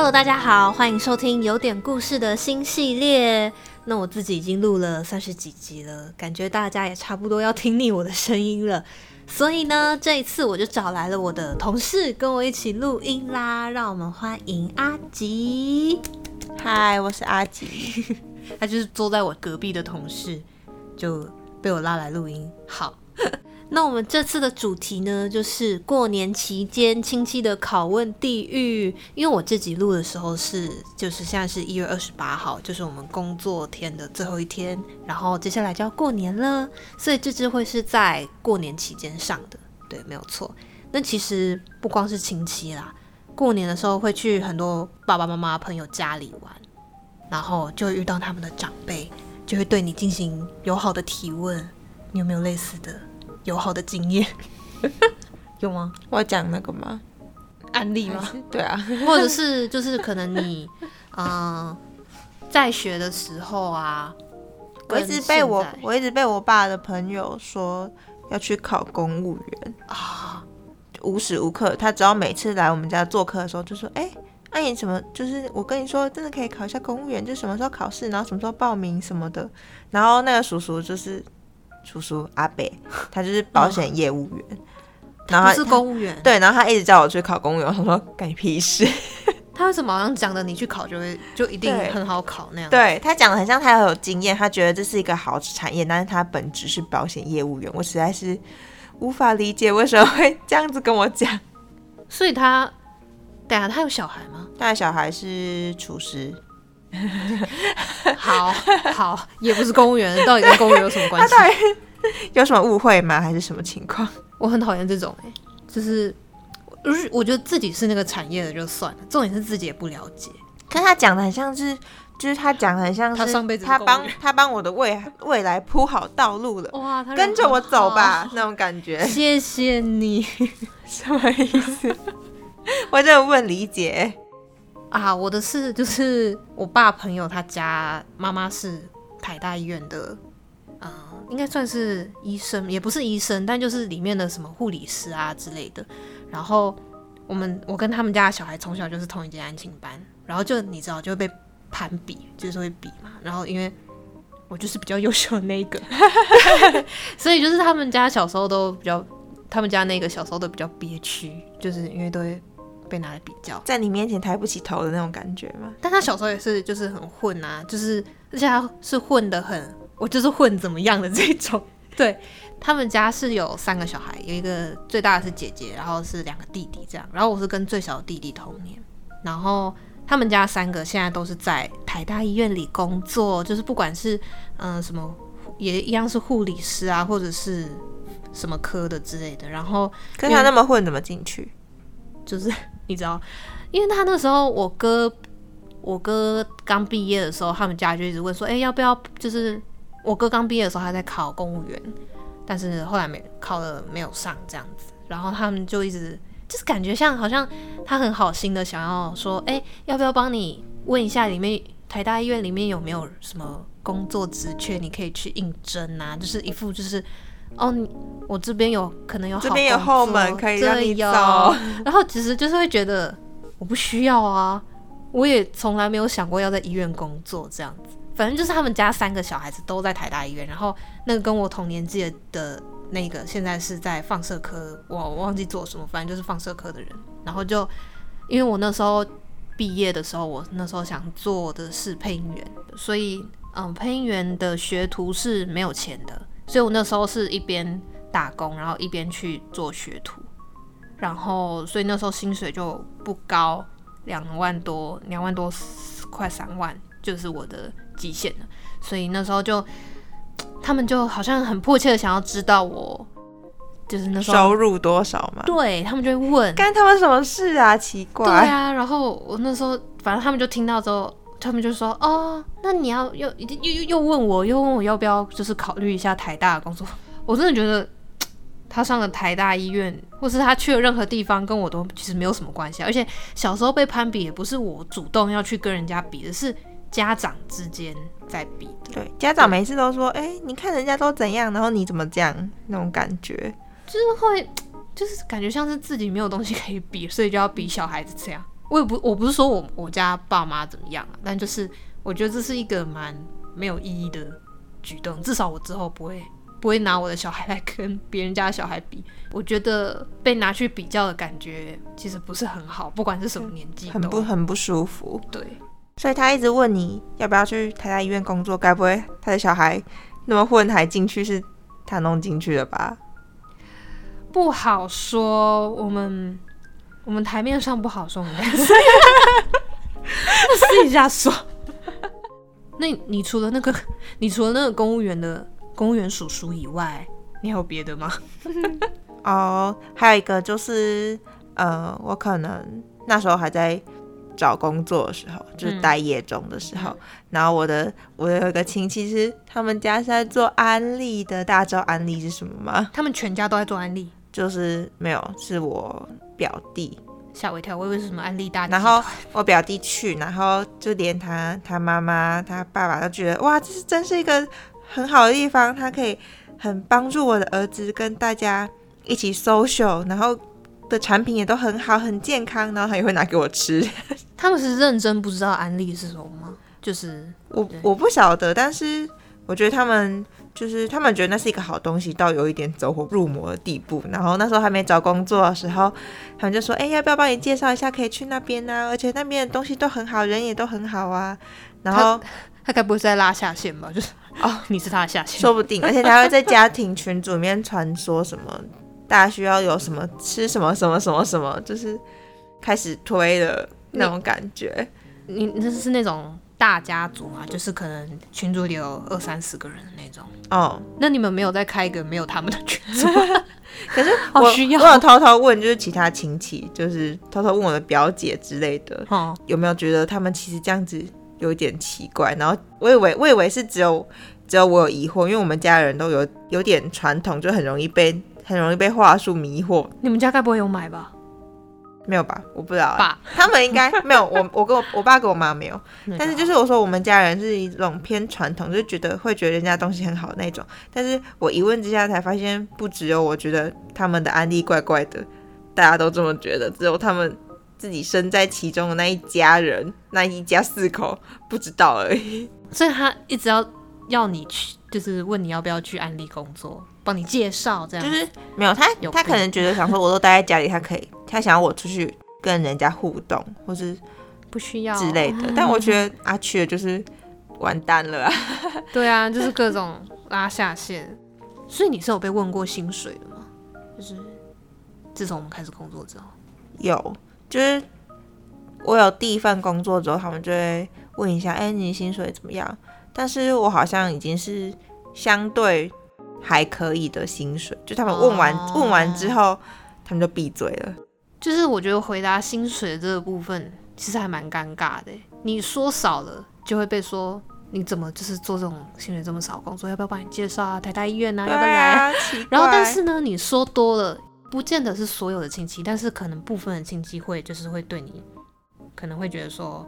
Hello，大家好，歡迎收聽有點故事的新系列。那我自己已經錄了三十幾集了，感覺大家也差不多要聽膩我的聲音了。所以呢，這一次我就找來了我的同事跟我一起錄音啦。讓我們歡迎阿吉，嗨，我是阿吉， 他就是坐在我隔壁的同事，就被我拉來錄音。好。那我們這次的主題呢，就是過年期間親戚的拷問地獄。因為我自己錄的時候是，就是現在是一月二十八號，就是我們工作天的最後一天，然後接下來就要過年了，所以這支會是在過年期間上的。對，沒有錯。那其實不光是親戚啦，過年的時候會去很多爸爸媽媽朋友家裡玩，然後就會遇到他們的長輩，就會對你進行友好的提問。你有沒有類似的？有好的經驗， 有嗎？我要講那個嗎？案例嗎？是對啊， 或者是就是可能你啊、呃，在學的時候啊，我一直被我我一直被我爸的朋友說要去考公務員啊，無時無刻，他只要每次來我們家做客的時候，就說：“哎、欸，哎、啊、你怎麼就是我跟你說，真的可以考一下公務員，就什麼時候考試，然後什麼時候報名什麼的。”然後那個叔叔就是。叔叔阿伯，他就是保險業務員，哦、然後他他是公務員，對，然後他一直叫我去考公務員，他說幹屁事？他為什麼好像講的？你去考就會就一定很好考對那樣？對，他講的很像他有經驗，他覺得這是一個好產業，但是他本職是保險業務員，我實在是無法理解為什麼會這樣子跟我講。所以他，對啊，他有小孩嗎？他的小孩是廚師。 好好，也不是公務員，到底跟公務員有什麼關係？他到底有什麼誤會嗎？還是什麼情況？我很討厭這種，就是，我覺得自己是那個產業的就算了，重點是自己也不了解。可他講的很像是，就是他講的很像是他上輩子他幫他幫我的未未來鋪好道路了，哇，他跟着我走吧，那種感覺。謝謝你， 什麼意思？ 我真的不能理解。啊，我的是就是我爸朋友他家媽媽是台大醫院的，嗯，應該算是醫生，也不是醫生，但就是裡面的什麼護理師啊之類的。然後我們我跟他們家的小孩從小就是同一間安親班，然後就你知道就被攀比，就是會比嘛。然後因為我就是比較優秀的那一個， 所以就是他們家小時候都比較，他們家那個小時候都比較憋屈，就是因為都會。被拿來比較，在你面前抬不起頭的那種感覺嘛。但他小時候也是，就是很混啊，就是而且他是混得很，我就是混怎麼樣的這種。對，他們家是有三個小孩，有一個最大的是姐姐，然後是兩個弟弟這樣。然後我是跟最小的弟弟同年。然後他們家三個現在都是在台大醫院裡工作，就是不管是嗯、呃、什麼，也一樣是護理師啊，或者是什麼科的之類的。然後跟他那麼混，怎麼進去，就是。你知道，因為他那時候，我哥，我哥剛畢業的時候，他們家就一直問說，誒、欸，要不要？就是我哥剛畢業的時候，他在考公務員，但是後來沒考了，沒有上這樣子。然後他們就一直就是感覺像好像他很好心的想要說，誒、欸，要不要幫你問一下裡面台大醫院裡面有沒有什麼工作職缺，你可以去應徵啊？就是一副就是。哦你，我這邊有可能有，這邊有後門可以讓你走。哦、 然後其實就是會覺得我不需要啊，我也從來沒有想過要在醫院工作這樣子。反正就是他們家三個小孩子都在台大醫院，然後那個跟我同年紀的那個現在是在放射科，我忘記做什麼，反正就是放射科的人。然後就因為我那時候畢業的時候，我那時候想做的是配音員，所以嗯、呃，配音員的學徒是沒有錢的。所以，我那時候是一邊打工，然後一邊去做學徒，然後，所以那時候薪水就不高，兩萬多，兩萬多，快三萬，就是我的極限了。所以那時候就，他們就好像很迫切的想要知道我，就是那時候收入多少嘛。對，他們就會問，干他們什麼事啊？奇怪。對啊，然後我那時候，反正他們就聽到之後。他們就說：“哦，那你要又又又又問我，又問我要不要，就是考慮一下台大的工作。”我真的覺得他上了台大醫院，或是他去了任何地方，跟我都其實沒有什麼關係。而且小時候被攀比，也不是我主動要去跟人家比的，而是家長之間在比。對，對家長每次都說：“哎、嗯欸，你看人家都怎樣，然後你怎麼這樣？”那種感覺就是會，就是感覺像是自己沒有東西可以比，所以就要比小孩子這樣。我也不，我不是說我我家爸媽怎麼樣啊，但就是我覺得這是一個蠻沒有意義的舉動，至少我之後不會不會拿我的小孩來跟別人家的小孩比。我覺得被拿去比較的感覺其實不是很好，不管是什麼年紀都很，很不很不舒服。對，所以他一直問你要不要去台大醫院工作，該不會他的小孩那麼混還進去是他弄進去的吧？不好說，我們。我們台面上不好說，試 一下說。那你除了那個，你除了那個公務員的公務員叔叔以外，你還有別的嗎？哦、 呃，還有一個就是，呃，我可能那時候還在找工作的時候，嗯、就是待業中的時候，嗯、然後我的我有一個親戚，是他們家是在做安利的。大家知道安利是什麼嗎？他們全家都在做安利。就是沒有，是我表弟嚇我一跳，我以為是什麼安利大。然後我表弟去，然後就連他他媽媽、他爸爸都覺得哇，這是真是一個很好的地方，他可以很幫助我的兒子跟大家一起 social，然後的產品也都很好，很健康，然後他也會拿給我吃。他們是認真不知道安利是什麼嗎？就是我對，我不曉得，但是。我覺得他們就是他們覺得那是一個好東西，到有一點走火入魔的地步。然後那時候還沒找工作的時候，他們就說：“哎、欸，要不要幫你介紹一下？可以去那邊啊，而且那邊的東西都很好，人也都很好啊。”然後他該不會是在拉下線吧？就是哦，你是他的下線，說不定。而且他會在家庭群組裡面傳說什麼， 大家需要有什麼吃什麼什麼什麼什麼，就是開始推的那種感覺。你這是那種。大家族嘛，就是可能群組裡有二三十個人的那種。哦，那你們沒有再開一個沒有他們的群組？ 可是我，好需要。我有偷偷問，就是其他親戚，就是偷偷問我的表姐之類的，哦，有沒有覺得他們其實這樣子有點奇怪？然後我以為，我以為是只有只有我有疑惑，因為我們家人都有有點傳統，就很容易被很容易被話術迷惑。你們家該不會有買吧？沒有吧？我不知道。爸，他們應該沒有。我我跟我我爸跟我媽沒有。但是就是我說我們家人是一種偏傳統，就是、覺得會覺得人家東西很好那種。但是我一問之下才發現，不只有我覺得他們的安利怪怪的，大家都這麼覺得，只有他們自己身在其中的那一家人，那一家四口不知道而已。所以他一直要要你去。就是問你要不要去安利工作，幫你介紹這樣。就是沒有他，他可能覺得想說我都待在家裡， 他可以，他想要我出去跟人家互動，或是不需要之類的。啊、但我覺得阿去、 啊、就是完蛋了。對啊，就是各種拉下線。 所以你是有被問過薪水的嗎？就是自從我們開始工作之後，有，就是我有第一份工作之後，他們就會問一下，哎、欸，你薪水怎麼樣？但是我好像已經是相對還可以的薪水，就他們問完，Oh. 問完之後，他們就閉嘴了。就是我覺得回答薪水的這個部分，其實還蠻尷尬的。你說少了，就會被說你怎麼就是做這種薪水這麼少的工作，要不要幫你介紹啊？台大醫院啊，啊要不要來？來然後但是呢，你說多了，不見得是所有的親戚，但是可能部分的親戚會就是會對你，可能會覺得說。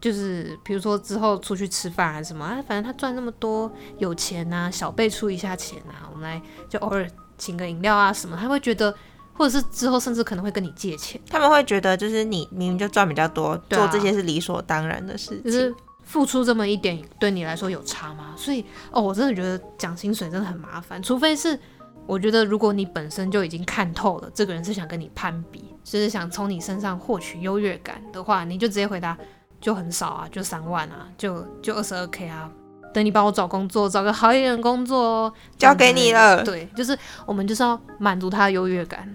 就是比如說之後出去吃飯啊什麼啊，反正他賺那麼多有錢呐、啊，小輩出一下錢啊，我們來就偶爾請個飲料啊什麼，他會覺得，或者是之後甚至可能會跟你借錢、啊。他們會覺得就是你明明就賺比較多，對啊、做這些是理所當然的事情，就是付出這麼一點對你來說有差嗎？所以哦，我真的覺得講薪水真的很麻煩，除非是我覺得如果你本身就已經看透了這個人是想跟你攀比，就是想從你身上獲取優越感的話，你就直接回答。就很少啊，就三萬啊，就就二十二 K 啊。等你幫我找工作，找個好一點的工作哦，交給你了。對，就是我們就是要滿足他的優越感。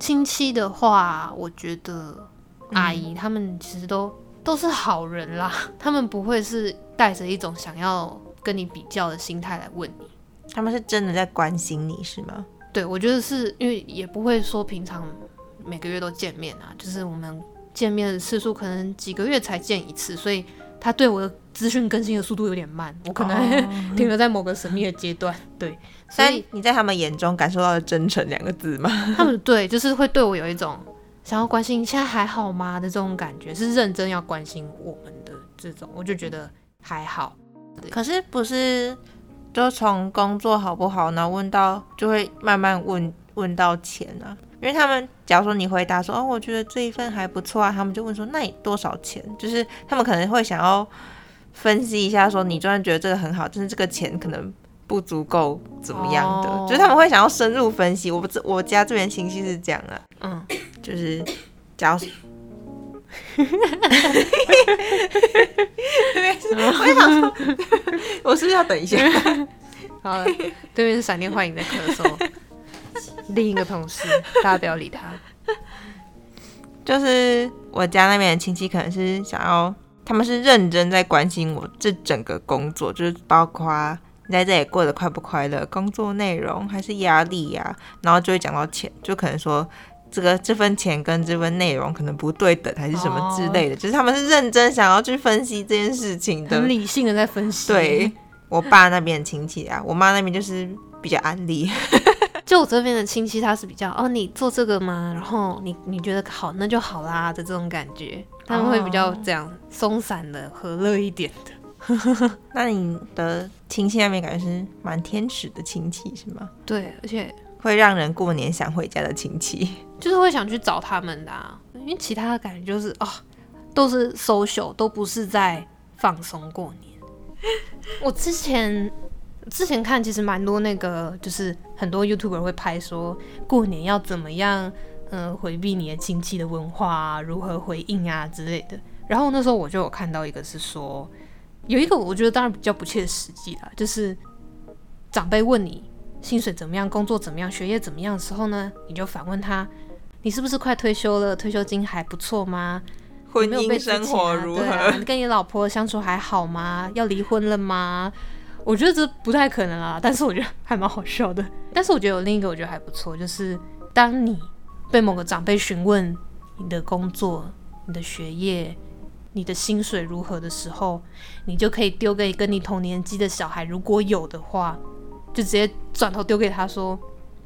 親戚的話，我覺得阿姨他、嗯、們其實都都是好人啦，他們不會是帶着一種想要跟你比較的心態來問你。他們是真的在關心你是嗎？對，我覺得是因為也不會說平常每個月都見面啊，就是我們。見面的次數可能幾個月才見一次，所以他對我的資訊更新的速度有點慢，我可能、哦、 停留在某個神秘的階段。對，所以你在他們眼中感受到了“真誠”兩個字嗎？他們對，就是會對我有一種想要關心，現在還好嗎的這種感覺，是認真要關心我們的這種，我就覺得還好。可是不是，就從工作好不好，然後問到，就會慢慢問問到錢啊。因為他們假如說，你回答說，哦，我覺得這一份還不錯啊，他們就問說，那你多少錢？就是他們可能會想要分析一下，說你雖然覺得這個很好，但、就是這個錢可能不足夠怎麼樣的，oh. 就是他們會想要深入分析。我不知我家這邊親戚是這樣的、啊。嗯，oh. 就是假如，哈哈哈是，我想說，我是不是要等一下， 好了，對面是閃電幻影在咳嗽。另一個同事，大家不要理他。 就是我家那邊的親戚，可能是想要，他們是認真在關心我這整個工作，就是包括你在這裡過得快不快樂，工作內容還是壓力呀、啊，然後就會講到錢，就可能說這個這份錢跟這份內容可能不對等，還是什麼之類的。哦、就是他們是認真想要去分析這件事情的，很理性的在分析。對我爸那邊的親戚啊，我媽那邊就是比較安利。 就我這邊的親戚，他是比較哦，你做這個嗎？然後你你覺得好，那就好啦的這種感覺，oh. 他們會比較這樣鬆散的、和樂一點的。 那你的親戚那邊感覺是蠻天使的親戚是嗎？對，而且會讓人過年想回家的親戚，就是會想去找他們的啊，因為其他的感覺就是哦，都是 social，都不是在放鬆過年。 我之前。之前看其實蠻多那個，就是很多 YouTuber 會拍說過年要怎麼樣，嗯、呃，回避你的親戚的文化，啊、如何回應啊之類的。然後那時候我就有看到一個是說，有一個我覺得當然比較不切實際啦，啊，就是長輩問你薪水怎麼樣、工作怎麼樣、學業怎麼樣的時候呢，你就反問他，你是不是快退休了？退休金還不錯嗎？婚姻生活如何？有有啊啊，你跟你老婆相處還好嗎？要離婚了嗎？我覺得這不太可能啊，但是我覺得還蠻好笑的。但是我覺得有另一個我覺得還不錯，就是當你被某個長輩詢問你的工作、你的學業、你的薪水如何的時候，你就可以丟給跟你同年紀的小孩，如果有的話，就直接轉頭丟給他說：“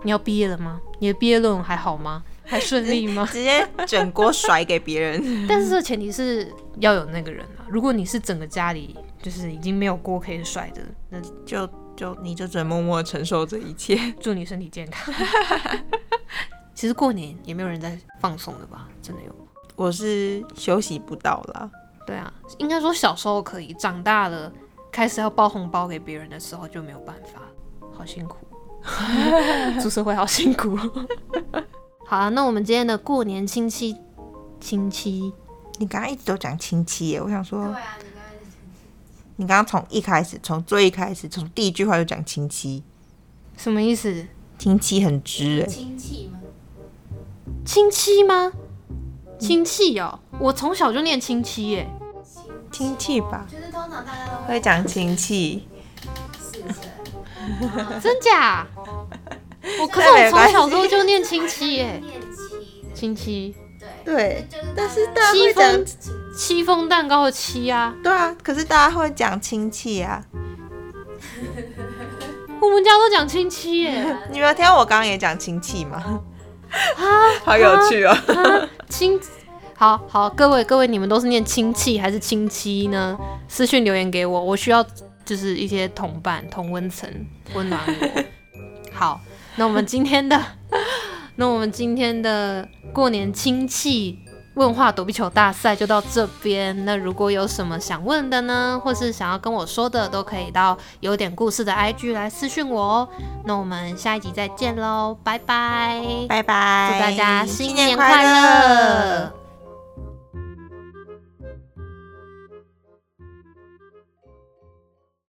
你要畢業了嗎？你的畢業論文還好嗎？還順利嗎？”直接整鍋甩給別人。 但是前提是要有那個人啊。如果你是整個家裡。就是已經沒有鍋可以甩的，那就就你就只能默默承受這一切。祝你身體健康。 其實過年也沒有人在放鬆的吧？真的有。我是休息不到啦。對啊，應該說小時候可以，長大了開始要包紅包給別人的時候就沒有辦法，好辛苦，出 社會好辛苦。 好啊，那我們今天的過年親戚親戚，戚，你剛剛一直都講親戚耶，我想說。你剛剛從一開始，從最一開始，從第一句話就講親戚，什麼意思？親戚很直、欸，親戚嗎？親戚嗎？親、嗯、戚哦、喔，我從小就念親戚、欸，哎、喔，親戚吧，就是通常大家都會講親戚，是真是的， 真假？ 我可是我從小時候就念親戚、欸、 戚，哎，親戚，戚，對對，但是大家會戚風蛋糕的戚啊，對啊，可是大家會講親戚啊， 我們家都講親戚耶。 你沒有聽到我剛剛也講親戚嗎？啊，好有趣哦、喔。親，好好，各位各位，你們都是念親戚還是親戚呢？私訊留言給我，我需要就是一些同伴同溫層溫暖我。 好，那我們今天的那我們今天的過年親戚。問話躲避球大賽就到這邊，那如果有什麼想問的呢，或是想要跟我說的，都可以到有點故事的 IG 來私訊我哦。那我們下一集再見嘍，拜拜拜拜，祝大家新年快樂！